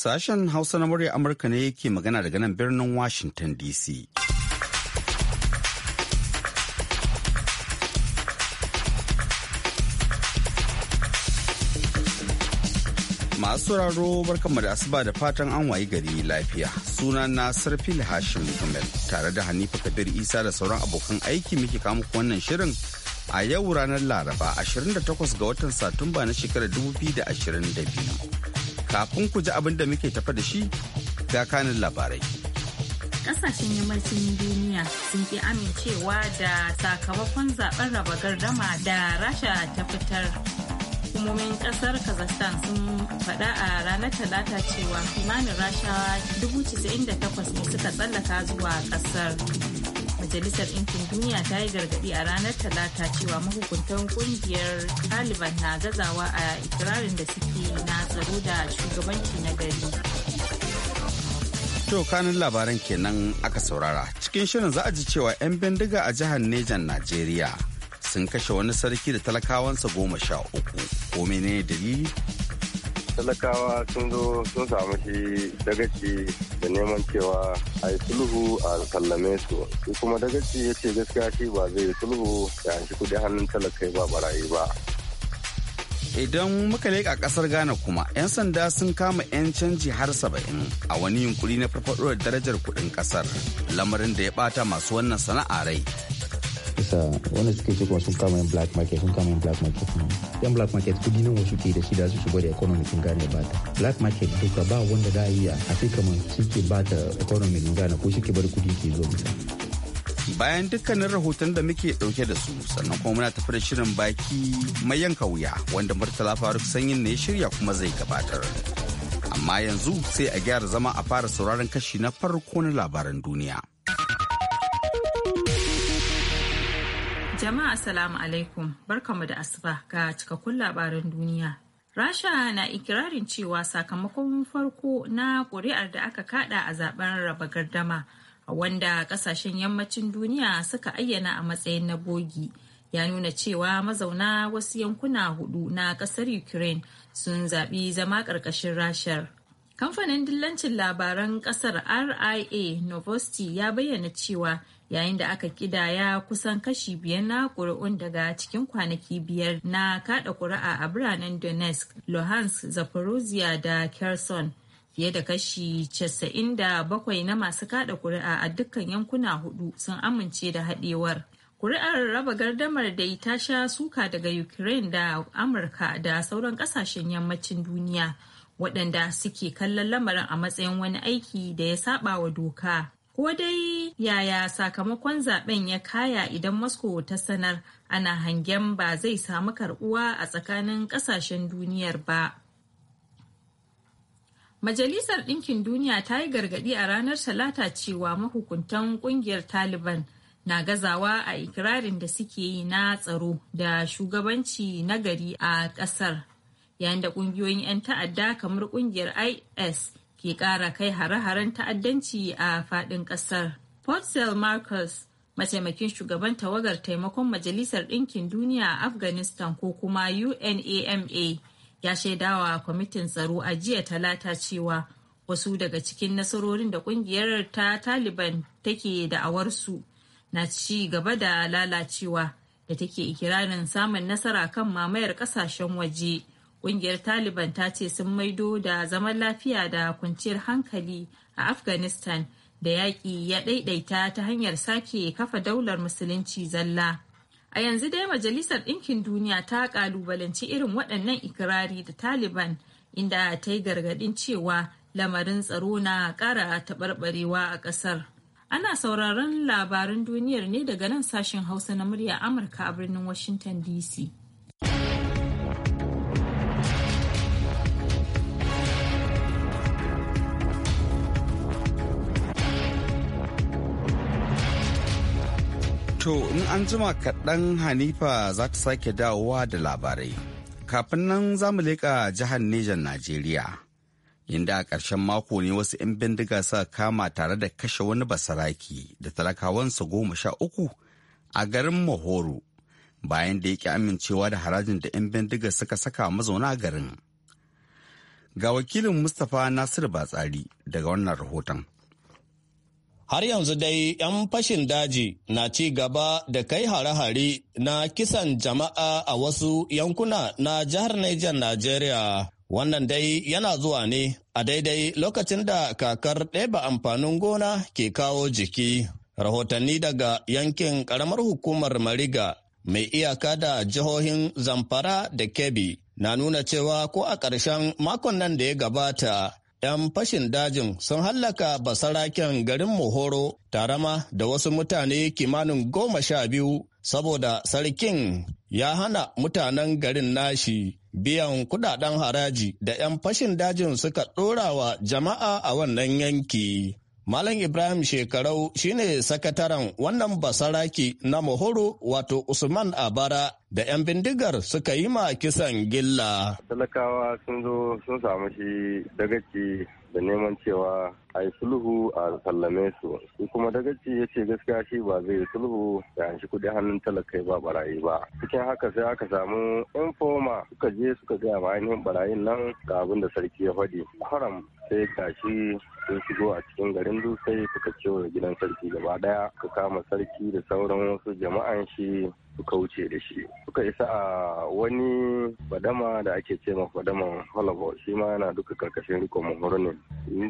Sashen Hausa na murya Amurka ne yake magana daga nan birnin Washington DC. Masu sauraro barkanmu da asuba da fatan an wayi gari lafiya. Suna na Sarfil Hashim Muhammad tare da Hanifa Kabir Isa da sauran abokan aiki muke ku wannan shirin a yau ranar Laraba 28 ga watan Satumba na shekarar 2022. kafin ku ji abin da muke tafa da shi ga kanin labarai. Kasashen yammacin duniya sun ki amincewa da sakamakon zaben raba gardama da rasha ta fitar. Hukumomin kasar Kazakhstan sun faɗa a ranar Talata cewa kimanin rasha 98 ne suka tsallaka zuwa ƙasar. majalisar ɗinkin duniya ta yi gargaɗi a ranar talata cewa mahukuntan ƙungiyar taliban na gazawa a ikirarin da suke na tsaro da shugabanci na gari to kanin labaran kenan aka saurara cikin shirin za a ji cewa 'yan bindiga a jihar nejan najeriya sun kashe wani sarki da talakawansa goma sha uku ko menene dalili talakawa sun zo sun samu shi dagaci da neman cewa a yi sulhu a sallame su su kuma dagaci ya ce gaskiya shi ba zai yi sulhu da shi kudi hannun talakai ba barayi ba idan muka leƙa ƙasar ghana kuma 'yan sanda sun kama 'yan canji har saba'in a wani yunkuri na farfaɗo darajar kuɗin ƙasar lamarin da ya ɓata masu wannan sana'a rai sa wanda suke ce kuma sun kama yan black market sun kama yan black market yan e black market kudi nan wasu ke da shi da su shigo da economy sun gane ba ta black market duka ba wanda da yi a afirka man shi ke ba ta economy sun gane ko shi ke bar kudi ke zo mutum bayan dukkanin rahoton da muke dauke da su sannan kuma muna tafi da shirin baki mai yanka wuya wanda murtala faruk sanyin ne shirya kuma zai gabatar amma yanzu sai a gyara zama a fara sauraron kashi na farko na labaran duniya Jama'a salamu alaikum barkamu da asuba ga cikakkun labaran duniya. Rasha na ikirarin cewa sakamakon farko na ƙuri'ar da aka kada a zaben raba gardama wanda ƙasashen yammacin duniya suka ayyana a matsayin na bogi ya nuna cewa mazauna wasu yankuna hudu na ƙasar ukraine sun zaɓi zama ƙarƙashin rashar kamfanin dillancin labaran ƙasar ria novosti ya bayyana cewa yayin da aka kidaya kusan kashi biyar na ƙuri'un daga cikin kwanaki biyar na kada ƙuri'a a biranen donetsk luhansk zaporozhia da kherson fiye da kashi 97 na masu kada ƙuri'a a dukkan yankuna hudu sun amince da haɗewar. Ƙuri'ar raba gardamar da ta sha suka daga Ukraine da Amurka da sauran ƙasashen yammacin duniya waɗanda suke kallon lamarin a matsayin wani aiki da ya saba wa doka. Ko dai yaya sakamakon zaben ya kaya idan Moscow ta sanar ana hangen ba zai samu karbuwa a tsakanin kasashen duniyar ba. Majalisar Ɗinkin Duniya ta yi gargaɗi a ranar Talata cewa mahukuntan ƙungiyar Taliban na gazawa a ikirarin da suke yi na tsaro da shugabanci nagari a ƙasar, yayin da ƙungiyoyin 'yan ta'adda kamar ƙungiyar IS ke ƙara kai hare-haren ta'addanci a faɗin ƙasar. Portsel Marcus, mataimakin shugaban tawagar taimakon Majalisar Dinkin Duniya a Afghanistan ko kuma UNAMA, ya shaidawa kwamitin tsaro a jiya talata cewa wasu daga cikin nasarorin da ƙungiyar ta Taliban take da'awarsu na ci gaba da lalacewa da take ikirarin samun nasara kan mamayar kasashen waje. Ƙungiyar Taliban ta ce sun maido da zaman lafiya da kwanciyar hankali a Afghanistan da yaƙi ya ɗaiɗaita ta hanyar sake kafa daular musulunci zalla. A yanzu dai Majalisar Ɗinkin Duniya ta ƙalubalanci irin waɗannan ikirari da Taliban inda ta yi gargaɗin cewa lamarin tsaro na ƙara taɓarɓarewa a ƙasar. Ana sauraron labarin duniyar ne daga nan sashen Hausa na murya Amurka a birnin Washington DC. To in an jima kaɗan Hanifa za ta sake dawowa da labarai. Kafin nan za mu leƙa jihar Nijar Najeriya. Inda a ƙarshen mako ne wasu 'yan bindiga sa kama tare da kashe wani basaraki da talakawansa goma sha uku a garin Mahoro bayan da yake amincewa da harajin da 'yan bindiga suka saka mazauna garin. Ga wakilin Mustapha Nasiru Batsari daga wannan rahoton. Har yanzu dai 'yan fashin daji na ci gaba da kai hare-hare na kisan jama'a a wasu yankuna na jihar Niger Najeriya. Wannan dai yana zuwa ne a daidai lokacin da kakar ɗeba amfanin gona ke kawo jiki. Rahotanni daga yankin ƙaramar hukumar Mariga mai iyaka da jihohin Zamfara da Kebbi na nuna cewa ko a ƙarshen makon nan da ya gabata 'yan fashin dajin sun hallaka basaraken garin Mohoro tarama da wasu mutane kimanin goma sha biyu saboda sarkin ya hana mutanen garin nashi biyan kudaden haraji da 'yan fashin dajin suka ɗora wa jama'a a wannan yanki. Malam Ibrahim Shekarau shine sakataren wannan basaraki na Mahoro wato Usman Abara da 'yan bindigar suka yi ma kisan gilla. Talakawa sun zo sun samu shi dagaci da neman cewa a yi sulhu a sallame su. Su kuma dagaci ya ce gaskiya shi ba zai yi sulhu da shi kudi hannun talakai ba barayi ba. Cikin haka sai aka samu infoma suka je suka gaya ma ainihin barayin nan ga abin da sarki ya faɗi. Haram sai tashi sun shigo a cikin garin dutse suka kewaye gidan sarki gaba ɗaya. ka kama sarki da sauran wasu jama'an shi ka wuce da shi suka isa a wani fadama da ake ce ma fadaman halabo shi ma yana duka karkashin rikon mahorunin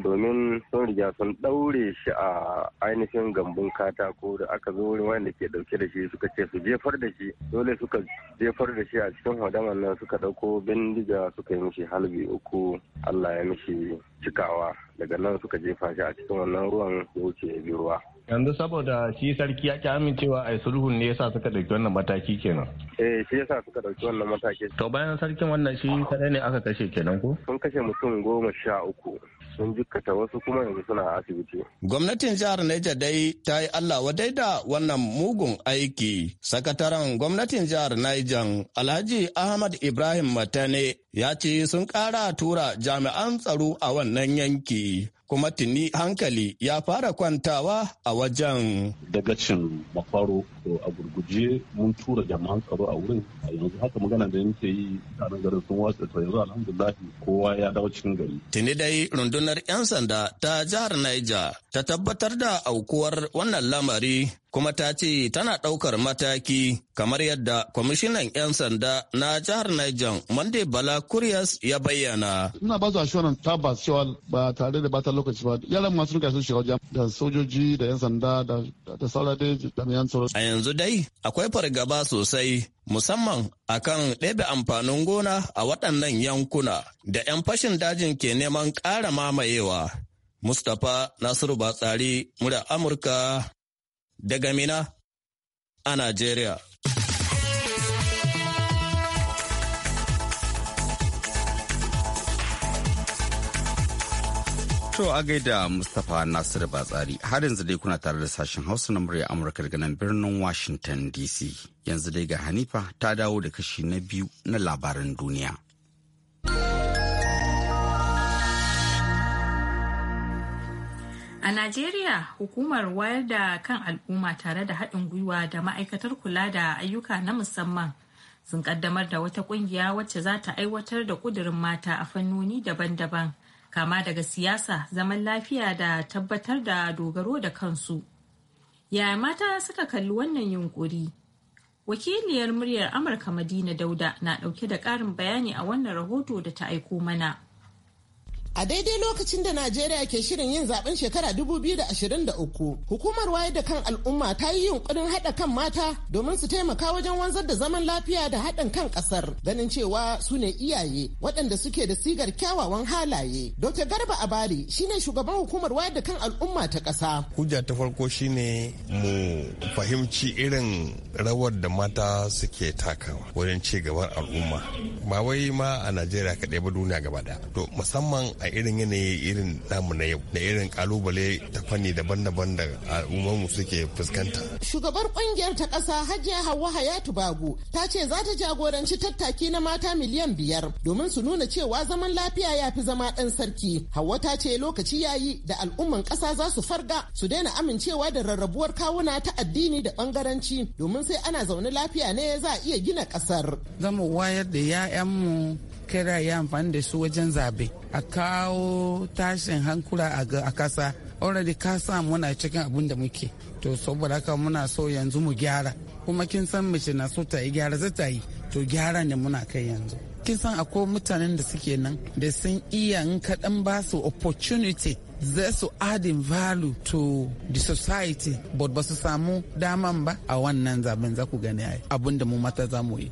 domin sun riga sun daure shi a ainihin gambun katako da aka zo wurin wanda ke dauke da shi suka ce su jefar da shi dole suka jefar da shi a cikin fadaman nan suka dauko bindiga suka yi mishi halbi uku Allah ya mishi cikawa daga nan suka jefa shi a cikin wannan ruwan ya wuce ya bi ruwa yanzu saboda shi sarki ya ki amincewa a sulhun ne yasa suka dauki wannan mataki kenan eh shi yasa suka dauki wannan mataki to bayan sarkin wannan shi kadai ne aka kashe kenan ko sun kashe mutum goma sha uku sun jikkata wasu kuma yanzu suna asibiti gwamnatin jihar Niger dai ta yi Allah wadai da wannan mugun aiki sakataren gwamnatin jihar Niger Alhaji Ahmad Ibrahim Matane ya ce sun kara tura jami'an tsaro a wannan yanki kuma tuni hankali ya fara kwantawa a wajen. Dagacin makwaro a gurguje mun tura jama'an tsaro a wurin a yanzu haka magana da yanke yi tsarin garin sun watsa to yanzu alhamdulahi kowa ya dawo cikin gari. Tuni dai rundunar 'yan sanda ta jihar Niger ta tabbatar da aukuwar wannan lamari kuma ta ce tana ɗaukar mataki kamar yadda kwamishinan 'yan sanda na jihar Niger Monday Bala Kuriyas ya bayyana. Ina ba su assurance tabbas cewa ba tare da bata lokaci ba yaran masu nuka sun shiga wajen da sojoji da 'yan sanda da da jami'an tsaro. A yanzu dai akwai fargaba sosai musamman akan ɗebe amfanin gona a waɗannan yankuna da 'yan fashin dajin ke neman ƙara mamayewa. Mustapha Nasiru Batsari, murya Amurka daga Mina a Najeriya. To a gaida Mustapha Nasiru Batsari har yanzu dai kuna tare da sashen Hausa na murya Amurka daga nan birnin Washington DC. Yanzu dai ga Hanifa ta dawo da kashi na biyu na labaran duniya. A Najeriya, hukumar wayar da kan al'umma tare da haɗin gwiwa da ma'aikatar kula da ayyuka na musamman sun kaddamar da wata ƙungiya wacce za ta aiwatar da ƙudurin mata a fannoni daban-daban, kama daga siyasa, zaman lafiya da tabbatar da dogaro da kansu. Yaya mata suka kalli wannan yunƙuri? Wakiliyar muryar Amurka Madina Dauda na ɗauke da ƙarin bayani a wannan rahoto da ta aiko mana. A daidai lokacin da Najeriya ke shirin yin zaben shekara 2023, hukumar wayar da kan al'umma ta yi yunkurin haɗa kan mata domin su taimaka wajen wanzar da zaman lafiya da haɗin kan ƙasar, ganin cewa su ne iyaye waɗanda suke da sigar kyawawan halaye. Dr. Garba Abari shine shugaban hukumar wayar da kan al'umma ta ƙasa. Hujja ta farko shine mu fahimci irin rawar da mata suke takawa wajen ci gaban al'umma. Ba wai ma a Najeriya kaɗai ba duniya gaba ɗaya. To musamman a irin yanayi irin namu na yau da irin kalubale ta fanni daban-daban da al'ummarmu suke fuskanta. Shugabar kungiyar ta ƙasa Hajiya Hauwa Hayatu Bago ta ce za ta jagoranci tattaki na mata miliyan biyar domin su nuna cewa zaman lafiya ya fi zama ɗan sarki. Hauwa ta ce lokaci ya yi da al'umman ƙasa za su farga su daina amincewa da rarrabuwar kawuna ta addini da ɓangaranci domin sai ana zaune lafiya ne za a iya gina ƙasar. Zamu wayar da 'ya'yanmu kera ya amfani da su wajen zabe a kawo tashin hankula a kasa already ka sa muna cikin abin da muke to saboda haka muna so yanzu mu gyara kuma kin san mace na so ta yi gyara zata yi to gyara ne muna kai yanzu kin san akwai mutanen da suke nan da sun iya in kaɗan ba su opportunity za su adin value to the society but ba su samu daman ba a wannan zaben za ku gani ai abun da mu mata za yi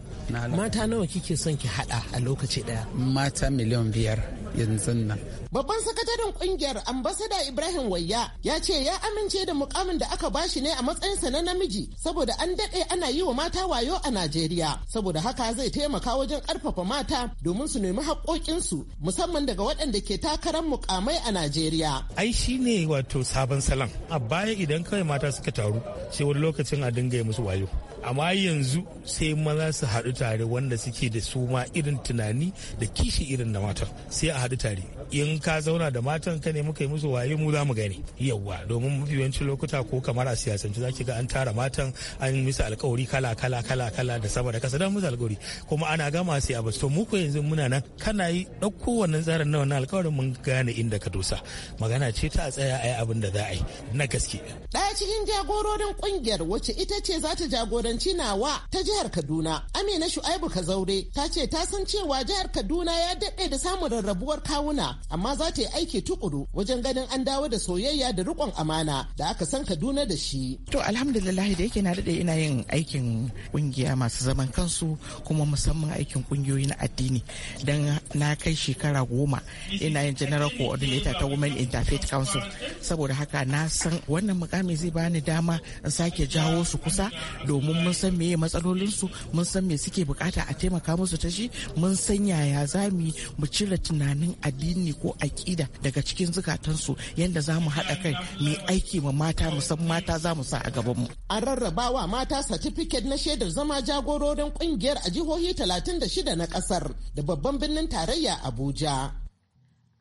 mata nawa kike son ki hada a lokaci daya mata miliyan biyar yanzu nan. Babban sakataren kungiyar ambasada Ibrahim Wayya ya ce ya amince da mukamin da aka bashi ne a matsayinsa na namiji saboda an daɗe ana yi wa mata wayo a Najeriya. Saboda haka zai taimaka wajen karfafa mata domin su nemi haƙoƙinsu musamman daga waɗanda ke takarar mukamai a Najeriya. Ai shi ne wato sabon salon. A baya idan kawai mata suka taru sai wani lokacin a dinga yi musu wayo. Amma yanzu sai maza su haɗu tare wanda suke da su ma irin tunani da kishi irin na mata. Sai a The tare in ka zauna da matan ka ne muka yi musu waye mu za mu gani yawwa domin mafi yawancin lokuta ko kamar a siyasance zaki ga an tara matan an yi musu alkawari kala kala kala kala da sama da kasa da musu alkawari kuma ana gama sai a basu mu ko yanzu muna nan kana yi ɗauko wannan tsarin na wannan alkawarin mun gane inda ka dosa magana ce ta tsaya a yi abin da za a yi na gaske. Ɗaya cikin jagororin kungiyar wacce ita ce za ta jagoranci nawa ta jihar Kaduna Amina Shu'aibu Kazaure ta ce ta san cewa jihar Kaduna ya daɗe da samun rarrabuwar kawuna amma za ta yi aiki tukuru wajen ganin an dawo da soyayya da rikon amana da aka san Kaduna da shi. To alhamdulillah da yake na daɗe ina yin aikin ƙungiya masu zaman kansu kuma musamman aikin ƙungiyoyi na addini don na kai shekara goma ina yin general coordinator ta Women Interfaith Council saboda haka na san wannan mukami zai bani dama in sake jawo su kusa domin mun san meye matsalolinsu mun san me suke bukata a taimaka musu ta shi mun san yaya za mu cire tunanin addini addini ko aƙida daga cikin zukatansu yadda za mu haɗa kai mai aiki ma mata musamman mata za mu sa a gaban mu. An rarrabawa mata satifiket na shaidar zama jagororin ƙungiyar a jihohi talatin da shida na ƙasar da babban birnin tarayya Abuja.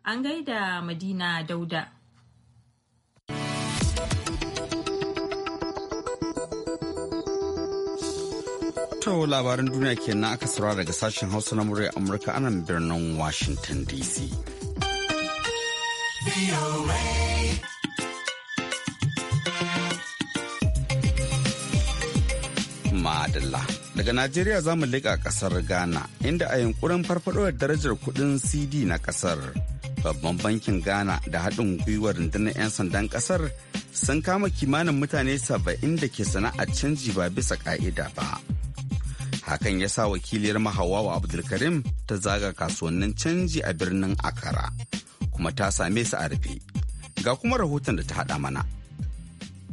An gaida Madina Dauda. To labaran duniya kenan aka saurara daga sashen Hausa na murya Amurka anan birnin Washington DC. Madalla. Daga Najeriya za mu leƙa ƙasar Ghana, inda a yunkurin farfadowar darajar kuɗin CD na ƙasar. Babban bankin Ghana da haɗin gwiwar rundunar 'yan sandan ƙasar sun kama kimanin mutane saba'in da ke sana'a canji ba bisa ƙa'ida ba. Hakan ya sa wakiliyar mahawawa Abdulkarim ta zaga kasuwannin canji a birnin Akara. kuma ta same su a rufe. Ga kuma rahoton da ta haɗa mana.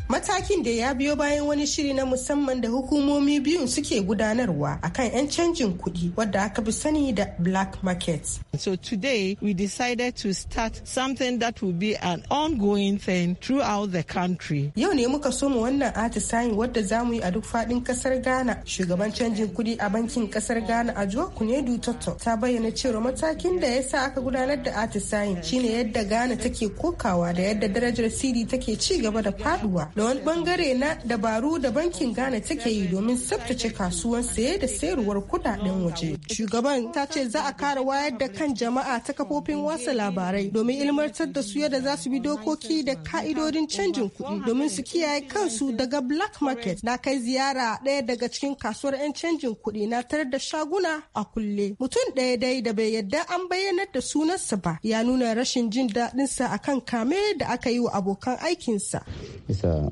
Matakin da ya biyo bayan wani shiri na musamman da hukumomi biyun suke gudanarwa akan 'yan canjin kuɗi wadda aka fi sani da black market. So today we decided to start something that will be an ongoing thing throughout the country. Yau ne muka so mu wannan atisayin wadda za mu yi a duk faɗin ƙasar Ghana. Shugaban canjin kuɗi a bankin ƙasar Ghana a Juwa Kunedu Toto ta bayyana cewa matakin da ya sa aka gudanar da atisayin shine yadda Ghana take kokawa da yadda darajar sidi take ci gaba da faduwa da wani bangare na dabaru da bankin Ghana take yi domin tsabtace kasuwan saye da sayarwar kudaden waje. Shugaban ta ce za a kara wayar da kan jama'a ta kafofin wasa labarai domin ilmantar da su yadda za su bi dokoki da ka'idodin canjin kuɗi domin su kiyaye kansu daga black market. Na kai ziyara ɗaya daga cikin kasuwar 'yan canjin kuɗi na tarar da shaguna a kulle. Mutum ɗaya dai da bai yadda an bayyanar da sunansa ba ya nuna rashin jin daɗinsa akan kame da aka yi wa abokan aikinsa.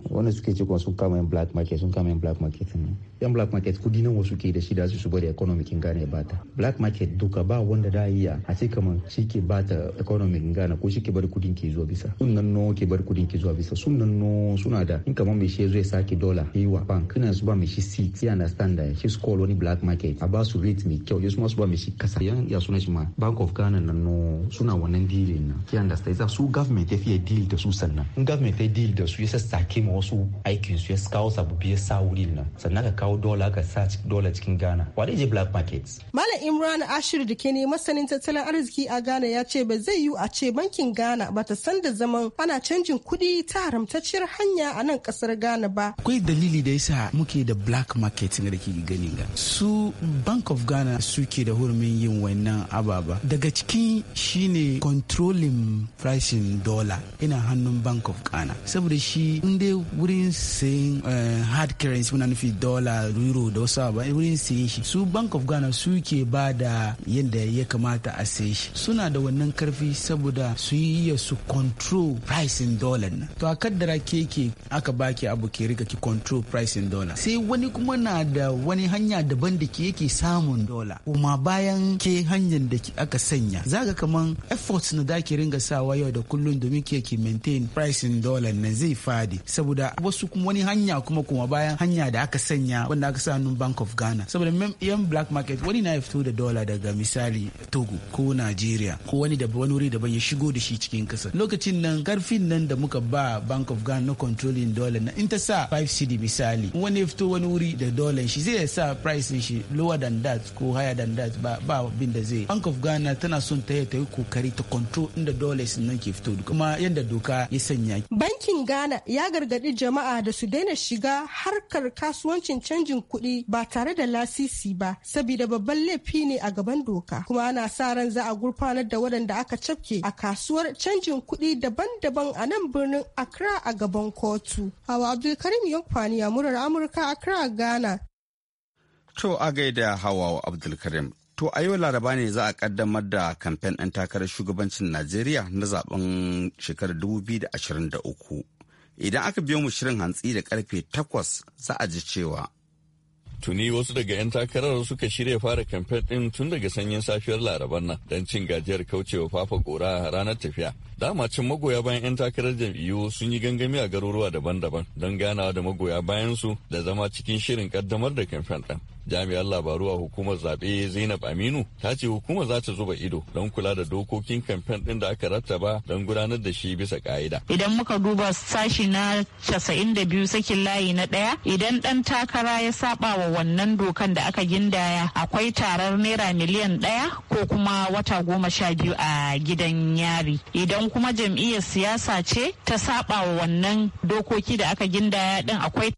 wanda suke ce kuma sun kama yin black market sun kama yin black market ne yan black market kudi nan wasu ke da shi da su bari economic in Ghana ya bata black market duka ba wanda da iya a ce kamar shi ke bata economic in Ghana ko shi ke bari kudin ke zuwa bisa sun nan no ke bari kudin ke zuwa bisa sun nan no suna da in kamar mai shi zai sake dollar yi wa bank kana su ba mai shi seat ya understand da his call wani black market a ba su rate mai kyau yasu ma su ba mai shi kasa yan ya suna shi ma bank of Ghana nan no suna wannan dealing na ki understand isa su government ya fiye deal da su sannan in government ya deal da su ya sake ma wasu aikin su ya kawo abu biya sa wurin nan sannan ka kawo kawo dola ka sa dola cikin Ghana. wa is je black market? Malam Imran Ashir da ke ne masanin tattalin arziki a Ghana ya ce ba zai yiwu a ce bankin Ghana ba ta san da zaman ana canjin kuɗi ta haramtacciyar hanya a nan kasar Ghana ba. Akwai dalili da yasa muke da black market da ke gani ga. Su Bank of Ghana suke da hurumin yin wannan ababa. Daga cikin shine controlling pricing dollar ina hannun Bank of Ghana. Saboda shi inda wurin sayin eh, hard currency muna nufi dollar da euro da wasu ba wurin siye shi su bank of ghana suke ba da yadda ya kamata a siye shi suna da wannan karfi saboda su yi ya su control pricing dollar na to a kaddara keke aka baki abu ke rika ki control pricing dollar sai wani kuma na da wani hanya daban da ke yake samun dollar kuma bayan ke hanyar da aka sanya zaga kaman efforts na da ke ringa sawa yau da kullum domin ke ki maintain pricing dollar na zai fadi saboda wasu kuma wani hanya kuma kuma bayan hanya da aka sanya na wanda aka sa hannun bank of ghana saboda yan black market wani na ya fito da dola daga misali togo ko nigeria ko wani da wani wuri daban ya shigo da shi cikin kasa lokacin nan karfin nan da muka ba bank of ghana na controlling dola na in ta sa 5 cd misali wani ya fito wani wuri da dolan shi zai sa price shi lower than that ko higher than that ba ba da zai bank of ghana tana son ta yi ta yi kokari ta control inda dollars nan ke fito kuma yadda doka ya sanya bankin ghana ya gargadi jama'a da su daina shiga harkar kasuwancin canjin kuɗi ba tare da lasisi ba saboda babban laifi ne a gaban doka kuma ana sa ran za a gurfanar da waɗanda aka cafke a kasuwar canjin kuɗi daban-daban a nan birnin Accra a gaban kotu. Hawa Abdulkarim Yankwani a murar Amurka Accra Ghana. To a gaida Hawa Abdulkarim To a yau laraba ne za a kaddamar da kamfen ɗan takarar shugabancin Najeriya na zaben shekarar 2023. Idan aka biyo mu shirin hantsi da karfe takwas za a ji cewa Tuni wasu daga 'yan takarar suka shirya fara kamfen ɗin tun daga sanyin safiyar laraban nan don cin gajiyar kaucewa fafa ƙora ranar tafiya. Dama cin magoya bayan 'yan takarar jam'iyyu sun yi gangami a garuruwa daban-daban don ganawa da magoya bayansu da zama cikin shirin kaddamar da kamfen ɗin. jami'ar labaru a hukumar zaɓe zainab aminu ta ce hukumar za ta zuba ido don kula da dokokin kamfen ɗin da aka rattaba don gudanar da shi bisa ka'ida idan muka duba sashi na casa'in da biyu sakin layi na ɗaya idan ɗan takara ya saba wa wannan dokan da aka gindaya akwai tarar naira miliyan ɗaya ko kuma wata goma sha biyu a gidan yari idan kuma jam'iyyar siyasa ce ta saba wa wannan dokoki da aka gindaya ɗin akwai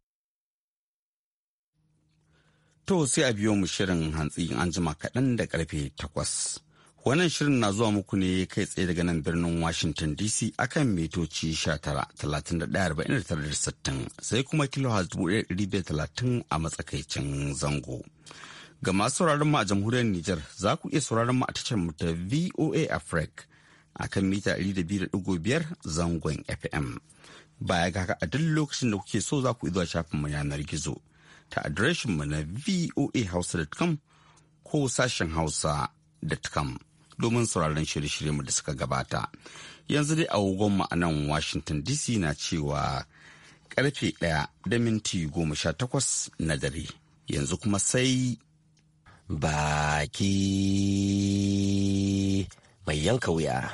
To sai a biyo mu shirin hantsi an jima kaɗan da ƙarfe takwas. Wannan shirin na zuwa muku ne kai tsaye daga nan birnin Washington DC akan metoci sittin sai kuma kilohaz 1,530 a matsakaicin zango. Ga masu sauraron mu a jamhuriyar Nijar za ku iya sauraron mu a tashar mu ta VOA Africa akan mita 200.5 zangon FM. Baya ga haka a duk lokacin da kuke so za ku zuwa shafin mu yanar gizo. ta mu na Hausa.com ko sashen hausa.com domin sauraron shirye-shiryenmu da suka gabata. Yanzu dai mu a nan Washington DC na cewa karfe ɗaya da minti goma sha takwas na dare. Yanzu kuma sai baki mai yanka wuya.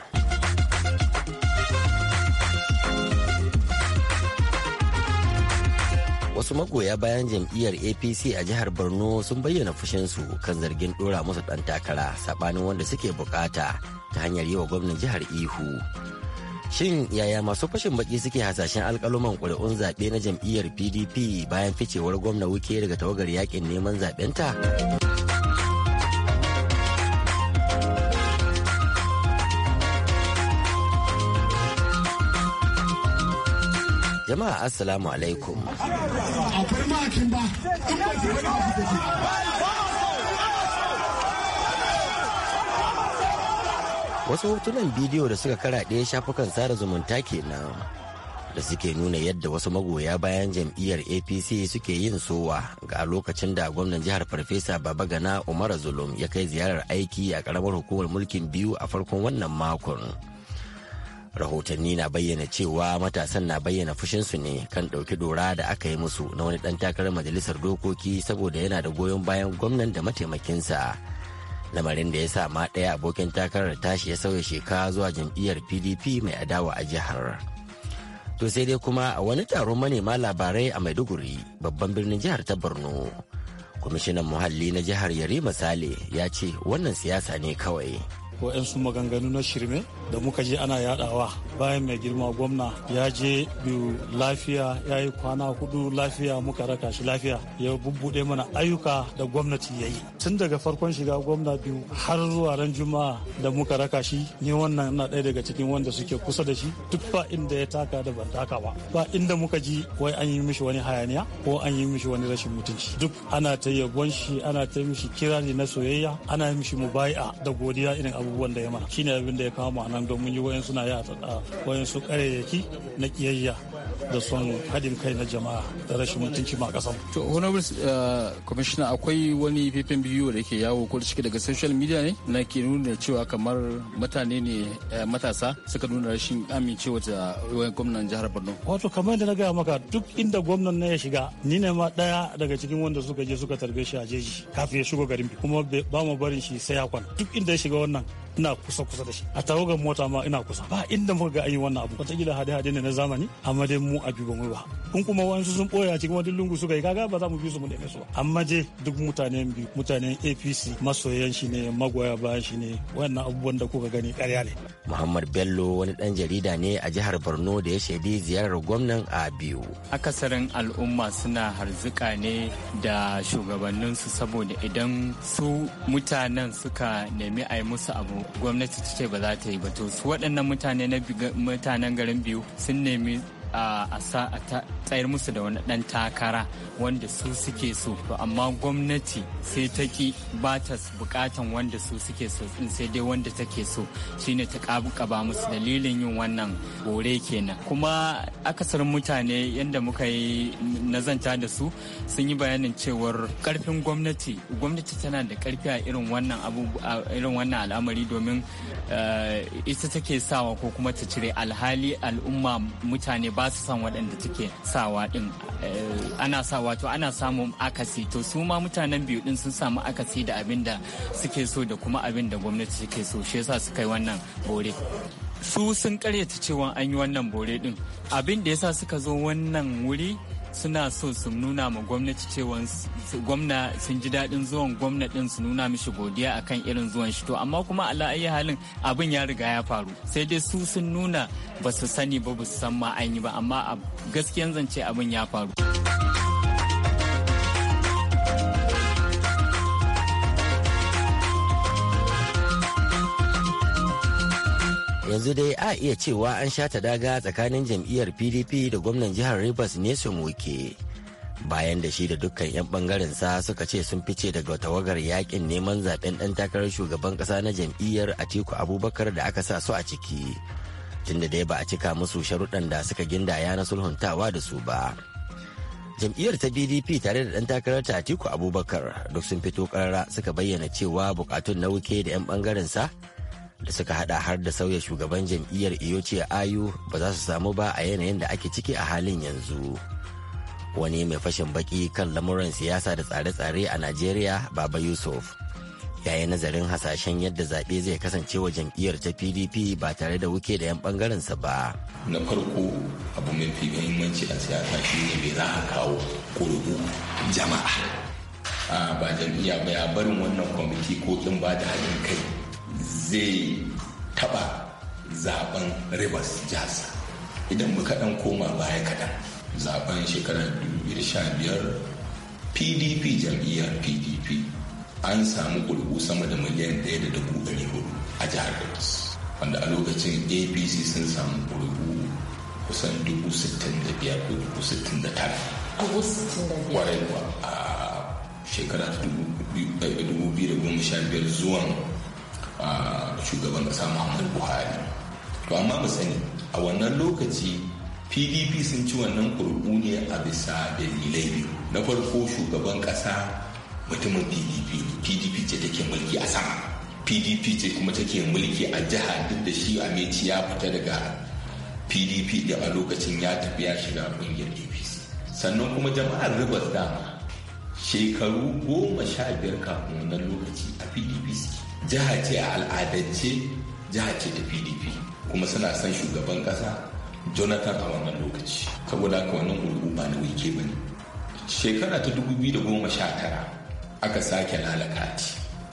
wasu magoya bayan jam'iyyar apc a jihar borno sun bayyana fushinsu kan zargin dora musu dan takara sabanin wanda suke bukata ta hanyar yi wa gwamnan jihar ihu shin yaya masu fashin baki suke hasashen alkaluman ƙuri'un zaɓe na jam'iyyar pdp bayan ficewar gwamna wuke daga tawagar yakin neman zaɓenta? Jama'a Assalamu alaikum. Wasu hotunan bidiyo da suka karaɗe shafukan sada zumunta kenan da suke nuna yadda wasu magoya bayan jam'iyyar APC suke yin sowa ga lokacin da gwamnan jihar Farfesa baba Babagana Umar Zulum ya kai ziyarar aiki a ƙaramar hukumar mulkin biyu a farkon wannan makon. rahotanni na bayyana cewa matasan na bayyana fushinsu ne kan ɗauki dora da aka yi musu na wani ɗan takarar majalisar dokoki saboda yana da goyon bayan gwamnan da mataimakinsa lamarin da ya sa ma ɗaya abokin takarar tashi ya sauya sheka zuwa jam'iyyar pdp mai adawa a jihar to sai dai kuma a wani taron manema labarai a maiduguri babban birnin jihar ta borno kwamishinan muhalli na jihar yarima sale ya ce wannan siyasa ne kawai wa'yansu maganganu na shirme da muka je ana yadawa bayan mai girma gwamna ya je biyu lafiya ya yi kwana hudu lafiya muka raka shi lafiya ya bubbuɗe mana ayyuka da gwamnati ya yi tun daga farkon shiga gwamna biyu har zuwa ran juma'a da muka raka shi ne wannan na ɗaya daga cikin wanda suke kusa da shi duk ba inda ya taka da ban taka ba ba inda muka ji wai an yi mishi wani hayaniya ko an yi mishi wani rashin mutunci duk ana ta yabon shi ana ta mishi kirani na soyayya ana yi mishi mubai'a da godiya irin abu abubuwan da ya mana shine abin da ya kawo mu anan don mun yi wayan suna ya da wayan su yaki na kiyayya da son hadin kai na jama'a da rashin mutunci ma kasan to honorable uh, commissioner akwai wani fifin biyu da yake yawo ko cike daga social media ne na ke nuna cewa kamar mutane ne uh, matasa suka nuna rashin amincewa da wayan gwamnatin jihar Borno wato kamar da na gaya maka duk inda gwamnan na ya shiga ni ne ma daya daga cikin wanda suka je suka tarbe shi a jeji kafin ya shigo garin kuma ba mu barin shi sai ya kwana duk inda ya shiga wannan ina kusa kusa da shi a tarogar mota ma ina kusa ba inda muka ga an yi wannan abu wataƙila hade-hade ne na zamani amma dai mu a biyu ba in kuma wasu sun ɓoye cikin wani lungu suka yi kaga ba za mu bi su mu neme su ba amma dai duk mutanen biyu mutanen apc masoyan shi ne magoya bayan shi ne wannan abubuwan da kuka gani karya ne. muhammad bello wani ɗan jarida ne a jihar borno da ya shaidi ziyarar gwamnan a biyu. akasarin al'umma suna harzuka ne da shugabanninsu saboda idan su mutanen suka nemi a yi musu abu gwamnati ta ce ba za ta yi ba to su waɗannan mutane na mutanen garin biyu sun nemi a tsayar musu da wani ɗan takara wanda su suke so amma gwamnati sai ta ki ba ta bukatan wanda su suke so in sai dai wanda take so shine ta kaba musu dalilin yin wannan bore kenan kuma akasarin mutane yadda muka yi nazanta da su sun yi bayanin cewar karfin gwamnati gwamnati tana da karfi a irin wannan irin wannan al'amari domin eh, ita take sawa ko kuma ta cire alhali al'umma mutane ba ba su san waɗanda suke sawa ɗin eh, ana sa wato ana samun akasi to su ma mutanen biyu ɗin sun samu akasi da abin da suke so da kuma abin da gwamnati suke so shi yasa suka yi wannan bore su sun karyata cewa an yi wannan bore ɗin abin da yasa suka zo wannan wuri suna so su nuna ma gwamnati cewa gwamna sun ji daɗin zuwan gwamna ɗin su nuna mishi godiya akan irin zuwan shi to amma kuma ala ayi halin abin ya riga ya faru sai dai su sun nuna ba su sani ba ba su san ma an yi ba amma a gaskiyan zance abin ya faru. yanzu dai a iya cewa an sha ta daga tsakanin jam'iyyar pdp da gwamnan jihar rivers su muke. bayan da shi da dukkan 'yan bangaren sa suka ce sun fice daga tawagar yakin neman zaben dan takarar shugaban kasa na jam'iyyar atiku abubakar da aka sa su a ciki tunda dai ba a cika musu sharuɗan da suka gindaya na sulhuntawa da su ba jam'iyyar ta pdp tare da dan takarar ta atiku abubakar duk sun fito karara suka bayyana cewa bukatun na wuke da 'yan bangaren sa da suka hada har da sauya shugaban jam'iyyar iyoce ayu ba za su samu ba a yanayin da ake ciki a halin yanzu wani mai fashin baki kan lamuran siyasa da tsare-tsare a najeriya baba yusuf ya yi nazarin hasashen yadda zaɓe zai kasance wa jam'iyyar ta pdp ba tare da wuke da 'yan ɓangarensa ba na farko abu mafi muhimmanci a siyasa shine mai za a kawo jama'a ah, ba jam'iyya ba ya barin wannan kwamiti ko ɗin ba da haɗin kai zai taba zaben rivers jazz idan muka dan koma baya kadan zaben shekarar 2015 pdp jam'iyyar pdp an samu kurku sama da miliyan 1.4 a jihar rivers wanda a lokacin apc sun samu kurku kusan biyar ko 69 kwarai a shekarar 2015 eh, zuwan shugaban kasa muhammadu buhari to amma mu sani a wannan lokaci pdp sun ci wannan kurbu ne a bisa dalilai biyu na farko shugaban kasa mutumin pdp pdp ce take mulki a sama pdp ce kuma take mulki a jiha duk da shi ameci ya fita daga pdp da a lokacin ya tafi ya shiga kungiyar apc sannan kuma jama'ar rivers dama shekaru goma sha biyar kafin wannan lokaci a pdp suke jiha ce a al'adance jiha ce ta pdp kuma suna son shugaban kasa jonathan a wannan lokaci saboda haka wannan hulɗu ba na wike ba ne shekara ta 2019 aka sake lalakati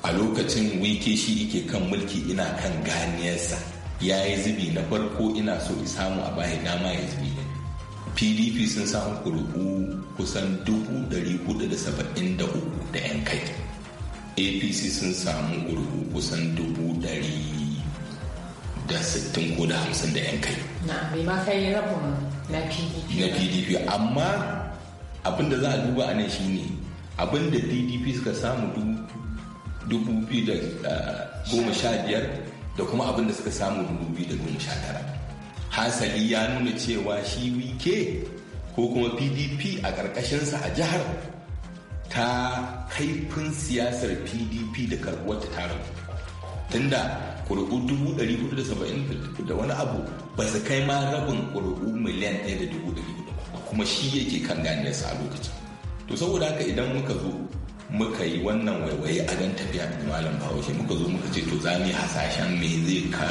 a lokacin wike shi ike kan mulki ina kan ganiyarsa ya yi zubi na farko ina so in samu a bayan dama ya zubi pdp sun samu kuri'u kusan 473 da 'yan kai apc sun samu gurgu kusan dubu dari da sittin ko da hamsin da yan kai na kai rabin na pdp na pdp amma abinda za a duba a nan shine abinda pdp suka samu dubu biyu da ah, goma sha biyar da kuma abinda suka samu dubu biyu da goma sha tara hasali ya nuna cewa shi wike ko kuma pdp a ƙarƙashinsa a jihar ta kaifin siyasar pdp da karbuwar ta tara tunda kuri'u dubu dari hudu da saba'in da wani abu ba su kai ma rabin kuri'u miliyan ɗaya da dubu hudu kuma shi yake kan sa a lokacin to saboda haka idan muka zo muka yi wannan waiwaye a dan tafiya da malam bahaushe muka zo muka ce to za mu yi hasashen me zai ka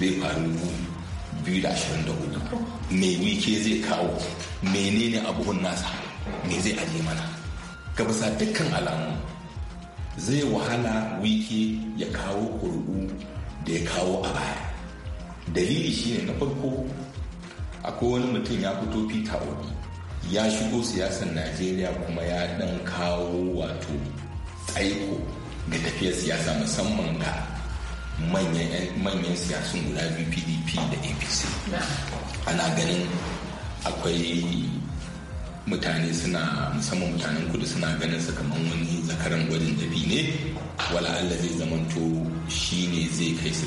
zai faru biyu da ashirin da hudu me wike zai kawo menene abubuwan nasa me zai aje mana ga bisa dukkan alamu zai wahala wike ya kawo ƙuri'u da ya kawo a baya dalili shine na farko akwai wani mutum ya fito peter obi ya shigo siyasar najeriya kuma ya dan kawo wato tsaiko ga tafiyar siyasa musamman ga manyan siyasun guda biyu pdp da apc ana ganin akwai mutane suna musamman mutanen kudu suna ganin sa kamar wani zakaran gwajin dabi ne wala Allah zai zamanto shi ne zai kai su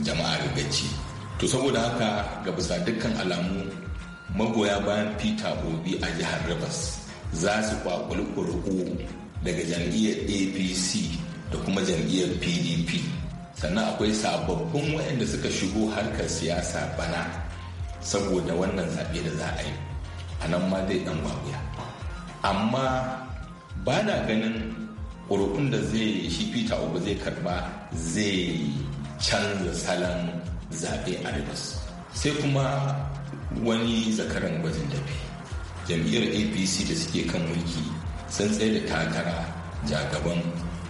jama'a gaggaci to saboda haka ga bisa dukkan alamu magoya bayan peter obi a jihar rivers za su kwakuli kuri'u daga jam'iyyar apc da kuma jam'iyyar pdp sannan akwai sababbin waɗanda suka shigo harkar siyasa bana saboda wannan zaɓe da za a yi a nan ma zai ɗan wabuya amma ba na ganin ƙuri'un da zai shi fita obi zai karba zai canza salon zaɓe a rivers sai kuma wani zakaran gwajin dafe jam'iyyar apc da suke kan mulki sun tsaye da takara jagaban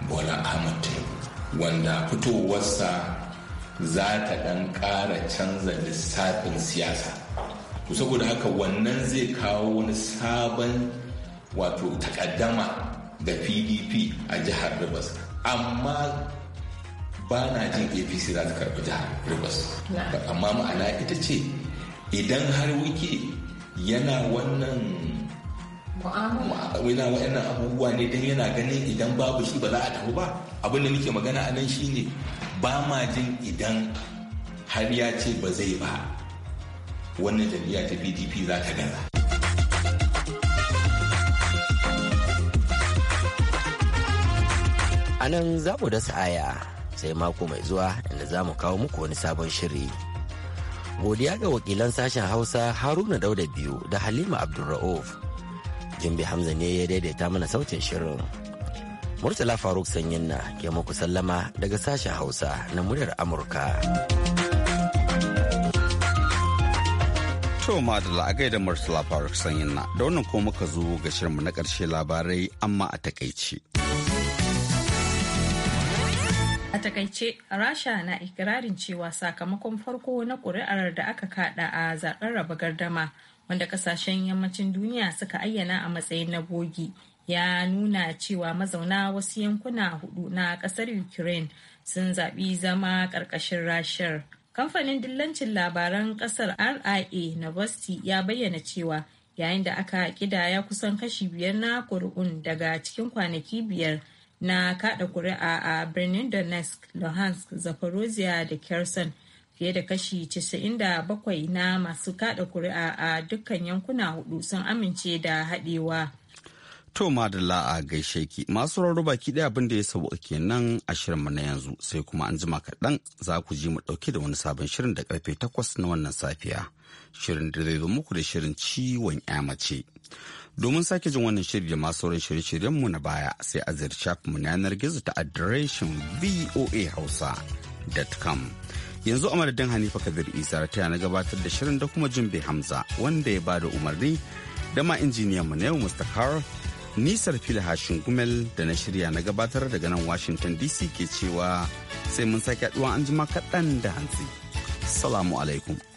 bola ahmad tinubu wanda fitowarsa za ta ɗan ƙara canza lissafin siyasa to saboda haka wannan zai kawo wani sabon wato takaddama da pdp a jihar rivers amma ba na jin apc za ta karɓi jihar rivers amma ma'ana ita ce idan har wiki yana wannan yana wa'annan abubuwa ne don yana ganin idan babu shi ba za a tafi ba abin da magana a nan shine ba ma jin idan har ya ce ba zai ba wannan jam'iyya ta pdp za ta gaza a nan za mu dasa aya sai mako mai zuwa inda za mu kawo muku wani sabon shiri godiya ga wakilan sashen hausa haruna dauda biyu da halima abdulra'uf jimbi hamza ne ya daidaita mana sautin shirin murtala faruk sanyin na ke muku sallama daga sashen hausa na muryar amurka. To madalla a gaida Murtala Faruk Sanyin na da wannan kuma muka zo ga shirinmu na ƙarshe labarai amma a takaice. A takaice, Rasha na ikirarin cewa sakamakon farko na ƙuri'ar da aka kada a zaɓen raba gardama wanda ƙasashen yammacin duniya suka ayyana a matsayin na bogi ya nuna cewa mazauna wasu yankuna hudu na ƙasar Ukraine sun zaɓi zama ƙarƙashin Rashar. Kamfanin dillancin labaran kasar RIA na Vosti ya bayyana cewa yayin da aka kidaya kusan kashi biyar na kuri'un daga cikin kwanaki biyar na kada kuri'a a birnin Donetsk, Luhansk, Zaporozhia da Kherson fiye da kashi 97 na masu kada kuri'a a dukkan yankuna hudu sun amince da haɗewa. To madalla a gaishe ki masu raro baki ɗaya abin da ya sauka nan a shirinmu na yanzu sai kuma an jima kaɗan za ku ji mu ɗauke da wani sabon shirin da ƙarfe takwas na wannan safiya. Shirin da zai zo muku da shirin ciwon mace. Domin sake jin wannan shirin da masu sauran shirye-shiryenmu na baya sai a ziyarci mu na yanar gizo ta adireshin voa com yanzu a madadin hanifa kabir isa ta na gabatar da shirin da kuma jimbe hamza wanda ya ba da umarni da ma injiniyan mu na yau mr carl Nisar filhashin gumel da na shirya na gabatar daga nan Washington DC ke cewa sai mun sake haduwa an jima kaɗan da hantsi. Salamu alaikum.